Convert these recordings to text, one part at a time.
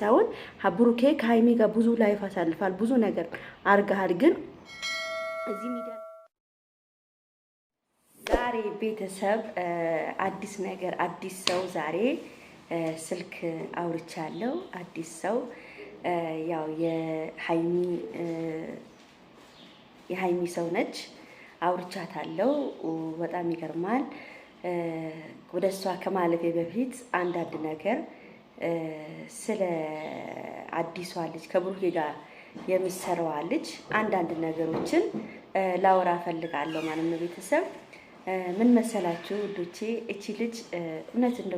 ሳይሆን ብሩኬ ከሀይሚ ጋር ብዙ ላይፍ አሳልፋል፣ ብዙ ነገር አርገሃል። ግን እዚህ ሚዲያ ዛሬ ቤተሰብ አዲስ ነገር አዲስ ሰው ዛሬ ስልክ አውርቻለሁ። አዲስ ሰው ያው የሀይሚ የሀይሚ ሰው ነች። አውርቻታለሁ። በጣም ይገርማል። ወደ እሷ ከማለፌ በፊት አንዳንድ ነገር ስለ አዲሷ ልጅ ከብሩኬ ጋር የምትሰራዋ ልጅ አንዳንድ ነገሮችን ላወራ ፈልጋለሁ ማለት ነው። ቤተሰብ ምን መሰላችሁ ውዶቼ፣ እቺ ልጅ እውነት እንደ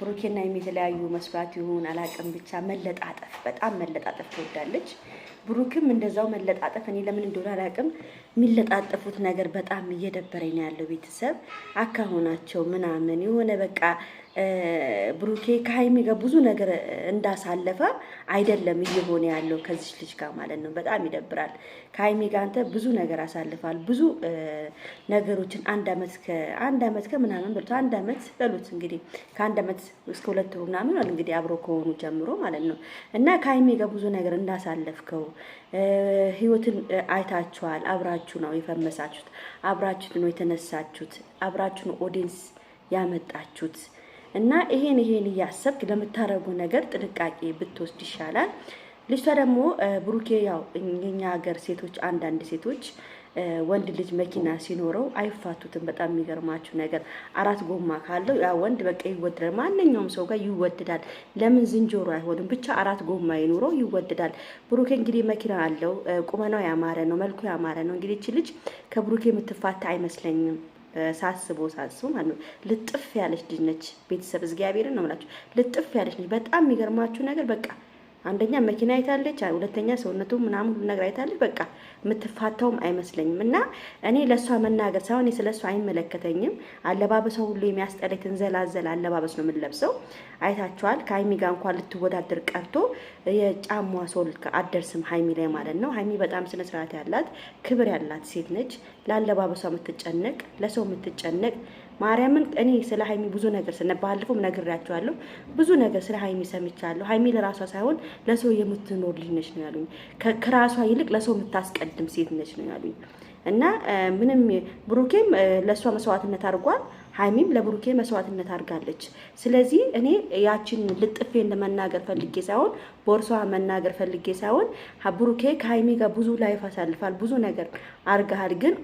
ብሩኬና የተለያዩ መስራት ይሁን አላቅም፣ ብቻ መለጣጠፍ፣ በጣም መለጣጠፍ ትወዳለች። ብሩክም እንደዛው መለጣጠፍ። እኔ ለምን እንደሆነ አላቅም፣ የሚለጣጠፉት ነገር በጣም እየደበረኝ ነው ያለው። ቤተሰብ አካሆናቸው ምናምን የሆነ በቃ ብሩኬ ከሀይሚ ጋር ብዙ ነገር እንዳሳለፈ አይደለም እየሆነ ያለው ከዚች ልጅ ጋር ማለት ነው። በጣም ይደብራል። ከሀይሚ ጋር አንተ ብዙ ነገር አሳልፋል። ብዙ ነገሮችን አንድ አመት ከአንድ አመት ከምናምን በሉት አንድ አመት በሉት እንግዲህ ከአንድ አመት እስከ ሁለት ወር ምናምን እንግዲህ አብሮ ከሆኑ ጀምሮ ማለት ነው እና ከሀይሚ ጋር ብዙ ነገር እንዳሳለፍከው ህይወትን አይታችኋል። አብራችሁ ነው የፈመሳችሁት፣ አብራችሁ ነው የተነሳችሁት፣ አብራችሁ ነው ኦዲንስ ያመጣችሁት እና ይሄን ይሄን እያሰብክ ለምታረጉ ነገር ጥንቃቄ ብትወስድ ይሻላል። ልጅቷ ደግሞ ብሩኬ፣ ያው የኛ ሀገር ሴቶች አንዳንድ ሴቶች ወንድ ልጅ መኪና ሲኖረው አይፋቱትም። በጣም የሚገርማችሁ ነገር አራት ጎማ ካለው ያ ወንድ በቃ ይወደዳል። ማንኛውም ሰው ጋር ይወደዳል። ለምን ዝንጀሮ አይሆንም? ብቻ አራት ጎማ ይኖረው ይወደዳል። ብሩኬ እንግዲህ መኪና አለው። ቁመናው ያማረ ነው፣ መልኩ ያማረ ነው። እንግዲህ እቺ ልጅ ከብሩኬ የምትፋታ አይመስለኝም። ሳስቦ ሳስቦ ማለት ነው። ልጥፍ ያለች ልጅ ነች። ቤተሰብ እግዚአብሔርን ነው የምላችሁ፣ ልጥፍ ያለች ነች። በጣም የሚገርማችሁ ነገር በቃ አንደኛ መኪና አይታለች፣ ሁለተኛ ሰውነቱ ምናምን ሁሉ ነገር አይታለች። በቃ የምትፋታውም አይመስለኝም። እና እኔ ለእሷ መናገር ሳይሆን ስለ እሷ አይመለከተኝም። አለባበሷ ሁሉ የሚያስጠላ የተንዘላዘለ አለባበስ ነው የምንለብሰው። አይታችኋል። ከሀይሚ ጋር እንኳን ልትወዳደር ቀርቶ የጫማ ሶል አደርስም ሀይሚ ላይ ማለት ነው። ሀይሚ በጣም ስነስርዓት ያላት ክብር ያላት ሴት ነች። ለአለባበሷ የምትጨነቅ ለሰው የምትጨነቅ ማርያምን እኔ ስለ ሀይሚ ብዙ ነገር ስነ ባለፈው ነግሬያቸዋለሁ። ብዙ ነገር ስለ ሀይሚ ሰምቻለሁ። ሀይሚ ለራሷ ሳይሆን ለሰው የምትኖር ልጅ ነች ነው ያሉኝ። ከራሷ ይልቅ ለሰው የምታስቀድም ሴት ነች ነው ያሉኝ። እና ምንም ብሩኬም ለእሷ መስዋዕትነት አድርጓል። ሀይሚም ለብሩኬ መስዋዕትነት አድርጋለች። ስለዚህ እኔ ያችን ልጥፌን ለመናገር ፈልጌ ሳይሆን ቦርሷ መናገር ፈልጌ ሳይሆን ብሩኬ ከሀይሚ ጋር ብዙ ላይፍ አሳልፋል። ብዙ ነገር አድርገሃል ግን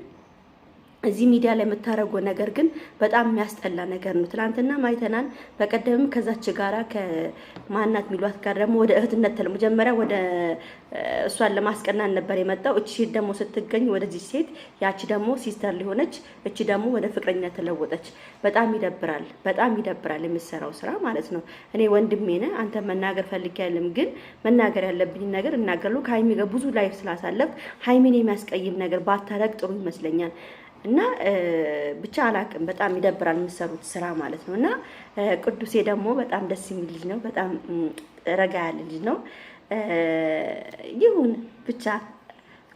እዚህ ሚዲያ ላይ የምታደርገው ነገር ግን በጣም የሚያስጠላ ነገር ነው። ትናንትና ማይተናል። በቀደምም ከዛች ጋራ ከማናት ሚሏት ጋር ደግሞ ወደ እህትነት ተለ መጀመሪያ ወደ እሷን ለማስቀናን ነበር የመጣው። እቺ ሴት ደግሞ ስትገኝ ወደዚህ ሴት ያቺ ደግሞ ሲስተር ሊሆነች፣ እቺ ደግሞ ወደ ፍቅረኛ ተለወጠች። በጣም ይደብራል፣ በጣም ይደብራል የምትሰራው ስራ ማለት ነው። እኔ ወንድሜ ነህ አንተ መናገር ፈልጌ አይደለም፣ ግን መናገር ያለብኝ ነገር እናገርሉ። ከሀይሚ ጋር ብዙ ላይፍ ስላሳለፍ ሀይሚን የሚያስቀይም ነገር ባታረግ ጥሩ ይመስለኛል። እና ብቻ አላቅም በጣም ይደብራል የምሰሩት ስራ ማለት ነው። እና ቅዱሴ ደግሞ በጣም ደስ የሚል ልጅ ነው። በጣም ረጋ ያለ ልጅ ነው። ይሁን ብቻ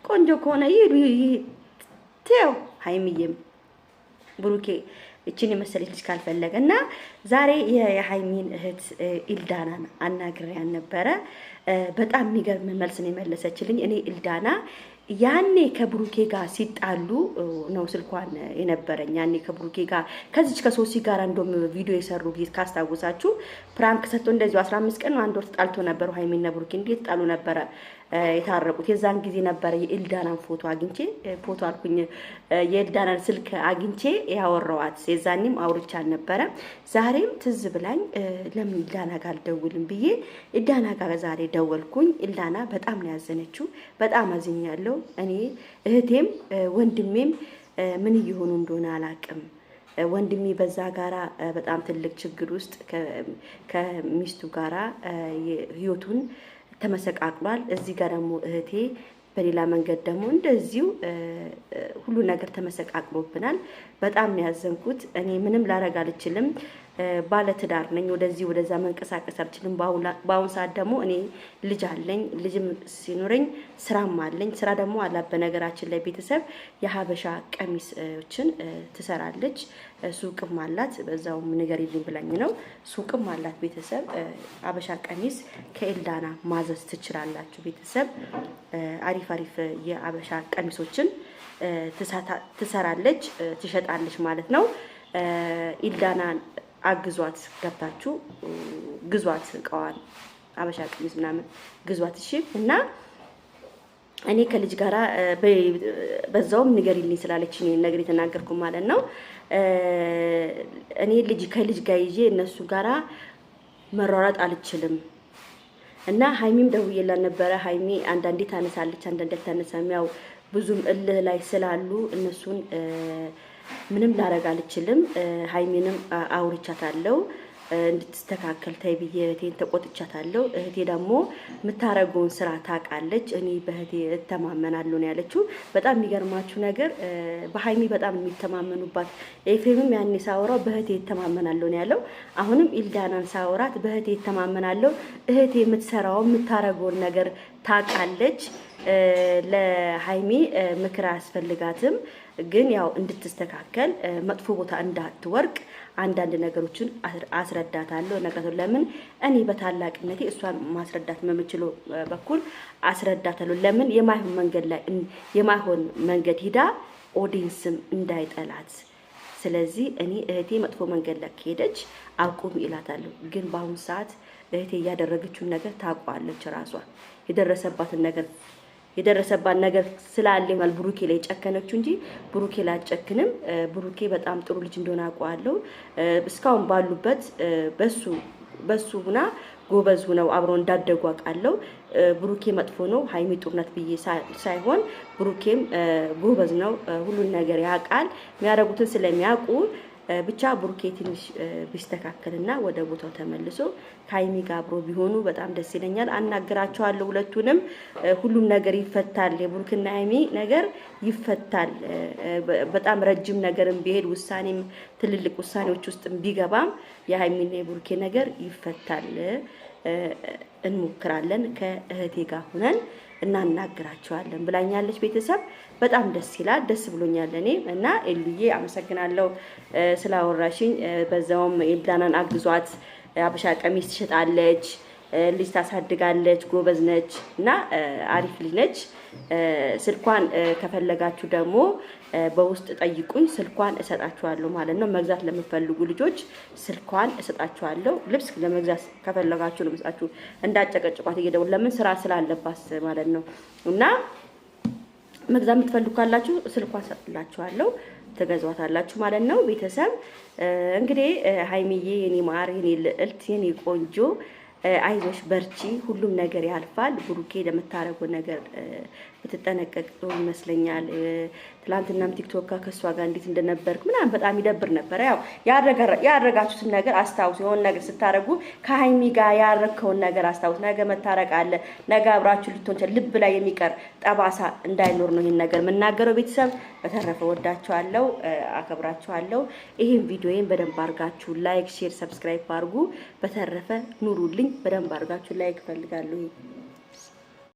ቆንጆ ከሆነ ይሄዱ ይሄው ሀይሚዬም ብሩኬ እችን የመሰለች ልጅ ካልፈለገ እና ዛሬ የሀይሚን እህት ኢልዳናን አናግሬያን ነበረ። በጣም የሚገርም መልስ ነው የመለሰችልኝ። እኔ ኢልዳና ያኔ ከብሩኬ ጋር ሲጣሉ ነው ስልኳን የነበረኝ። ያኔ ከብሩኬ ጋር ከዚች ከሶሲ ጋር እንደውም ቪዲዮ የሰሩ ጊዜ ካስታወሳችሁ ፕራንክ ሰጥቶ እንደዚሁ አስራ አምስት ቀን አንድ ወር ተጣልቶ ነበሩ። ሀይሚና ብሩኬ እንዴት ጣሉ ነበረ የታረቁት። የዛን ጊዜ ነበረ የኤልዳናን ፎቶ አግኝቼ ፎቶ አልኩኝ የኤልዳናን ስልክ አግኝቼ ያወራዋት። የዛኔም አውርቻ አልነበረ። ዛሬም ትዝ ብላኝ ለምን ኤልዳና ጋር አልደውልም ብዬ ኤልዳና ጋር ዛሬ ደወልኩኝ። ኤልዳና በጣም ነው ያዘነችው። በጣም አዝኛለሁ። እኔ እህቴም ወንድሜም ምን እየሆኑ እንደሆነ አላቅም። ወንድሜ በዛ ጋራ በጣም ትልቅ ችግር ውስጥ ከሚስቱ ጋራ ህይወቱን ተመሰቃቅሏል። እዚህ ጋር ደግሞ እህቴ በሌላ መንገድ ደግሞ እንደዚሁ ሁሉ ነገር ተመሰቃቅሎብናል። በጣም ያዘንኩት እኔ ምንም ላረግ አልችልም። ባለትዳር ነኝ፣ ወደዚህ ወደዛ መንቀሳቀስ አልችልም። በአሁን ሰዓት ደግሞ እኔ ልጅ አለኝ፣ ልጅም ሲኖረኝ ስራም አለኝ። ስራ ደግሞ አላት። በነገራችን ላይ ቤተሰብ የሀበሻ ቀሚሶችን ትሰራለች፣ ሱቅም አላት። በዛውም ንገሪልኝ ብላኝ ነው። ሱቅም አላት ቤተሰብ። ሀበሻ ቀሚስ ከኤልዳና ማዘዝ ትችላላችሁ ቤተሰብ። አሪፍ አሪፍ የሀበሻ ቀሚሶችን ትሰራለች፣ ትሸጣለች ማለት ነው። ኢልዳና አግዟት ገብታችሁ ግዟት፣ እቃዋን አበሻ ቀሚስ ምናምን ግዟት። እሺ እና እኔ ከልጅ ጋራ በዛውም ንገሪልኝ ስላለች ነገር የተናገርኩ ማለት ነው። እኔ ልጅ ከልጅ ጋር ይዤ እነሱ ጋራ መሯሯጥ አልችልም እና ሀይሚም ደውዬላት ነበረ። ሀይሚ አንዳንዴ ታነሳለች፣ አንዳንዴ አልታነሳም። ያው ብዙም እልህ ላይ ስላሉ እነሱን ምንም ላረግ አልችልም። ሀይሜንም አውርቻታለሁ እንድትስተካከል ተይ ብዬ እህቴን ተቆጥቻታለሁ። እህቴ ደግሞ የምታረገውን ስራ ታውቃለች፣ እኔ በእህቴ እተማመናለሁ ነው ያለችው። በጣም የሚገርማችሁ ነገር በሀይሚ በጣም የሚተማመኑባት ኤፍሬምም ያኔ ሳወራው በእህቴ እተማመናለሁ ነው ያለው። አሁንም ኢልዳናን ሳወራት በእህቴ እተማመናለሁ፣ እህቴ የምትሰራውን የምታረገውን ነገር ታውቃለች፣ ለሀይሚ ምክር አያስፈልጋትም ግን ያው እንድትስተካከል መጥፎ ቦታ እንዳትወርቅ አንዳንድ ነገሮችን አስረዳታለሁ፣ እነግራታለሁ። ለምን እኔ በታላቅነቴ እሷን ማስረዳት በምችለው በኩል አስረዳታለሁ። ለምን የማይሆን መንገድ ላይ የማይሆን መንገድ ሂዳ ኦዲንስም እንዳይጠላት። ስለዚህ እኔ እህቴ መጥፎ መንገድ ላይ ከሄደች አቁም ይላታለሁ። ግን በአሁኑ ሰዓት እህቴ እያደረገችውን ነገር ታውቋለች። ራሷ የደረሰባትን ነገር የደረሰባት ነገር ስላለ ይሆናል ብሩኬ ላይ ጨከነችው እንጂ ብሩኬ ላይ አጨክንም። ብሩኬ በጣም ጥሩ ልጅ እንደሆነ አውቀዋለሁ። እስካሁን ባሉበት በሱ በሱ ሁና ጎበዝ ሁነው አብረው እንዳደጉ አውቃለሁ። ብሩኬ መጥፎ ነው ሀይሚ ጡርነት ብዬ ሳይሆን ብሩኬም ጎበዝ ነው፣ ሁሉን ነገር ያውቃል። የሚያደርጉትን ስለሚያውቁ ብቻ ብሩኬ ትንሽ ቢስተካከልና ወደ ቦታው ተመልሶ ከሀይሚ ጋር አብሮ ቢሆኑ በጣም ደስ ይለኛል። አናግራቸዋለሁ ሁለቱንም። ሁሉም ነገር ይፈታል። የብሩክና ሀይሚ ነገር ይፈታል። በጣም ረጅም ነገርም ቢሄድ ውሳኔም ትልልቅ ውሳኔዎች ውስጥም ቢገባም የሀይሚና የብሩኬ ነገር ይፈታል። እንሞክራለን ከእህቴ ጋር ሁነን እናናግራቸዋለን ብላኛለች። ቤተሰብ በጣም ደስ ይላል። ደስ ብሎኛል እኔ እና ኤልዬ አመሰግናለሁ ስላወራሽኝ። በዛውም ኤልዳናን አግዟት አበሻ ቀሚስ ትሸጣለች ልጅ ታሳድጋለች፣ ጎበዝ ነች እና አሪፍ ልጅ ነች። ስልኳን ከፈለጋችሁ ደግሞ በውስጥ ጠይቁኝ፣ ስልኳን እሰጣችኋለሁ ማለት ነው። መግዛት ለምፈልጉ ልጆች ስልኳን እሰጣችኋለሁ። ልብስ ለመግዛት ከፈለጋችሁ ነው እንዳጨቀጭቋት እየደወል ለምን ስራ ስላለባት ማለት ነው እና መግዛት የምትፈልጉ ካላችሁ ስልኳን እሰጥላችኋለሁ ትገዟታላችሁ ማለት ነው። ቤተሰብ እንግዲህ ሀይሚዬ የኔ ማር የኔ ልዕልት የኔ ቆንጆ አይዞሽ በርቺ፣ ሁሉም ነገር ያልፋል። ብሩኬ ለምታረገው ነገር ብትጠነቀቅ ጥሩ ይመስለኛል። ትላንትናም ቲክቶክ ከእሷ ጋር እንዴት እንደነበርክ ምናምን በጣም ይደብር ነበር። ያው ያደረጋችሁትን ነገር አስታውስ። የሆነ ነገር ስታረጉ ከሀይሚ ጋር ያረግከውን ነገር አስታውስ። ነገ መታረቅ አለ። ነገ አብራችሁ ልትሆን ልብ ላይ የሚቀር ጠባሳ እንዳይኖር ነው ይህን ነገር የምናገረው። ቤተሰብ በተረፈ ወዳችኋለሁ፣ አከብራችኋለሁ። ይህን ቪዲዮዬን በደንብ አድርጋችሁ ላይክ፣ ሼር፣ ሰብስክራይብ አድርጉ። በተረፈ ኑሩልኝ። በደንብ አድርጋችሁ ላይክ ፈልጋለሁ።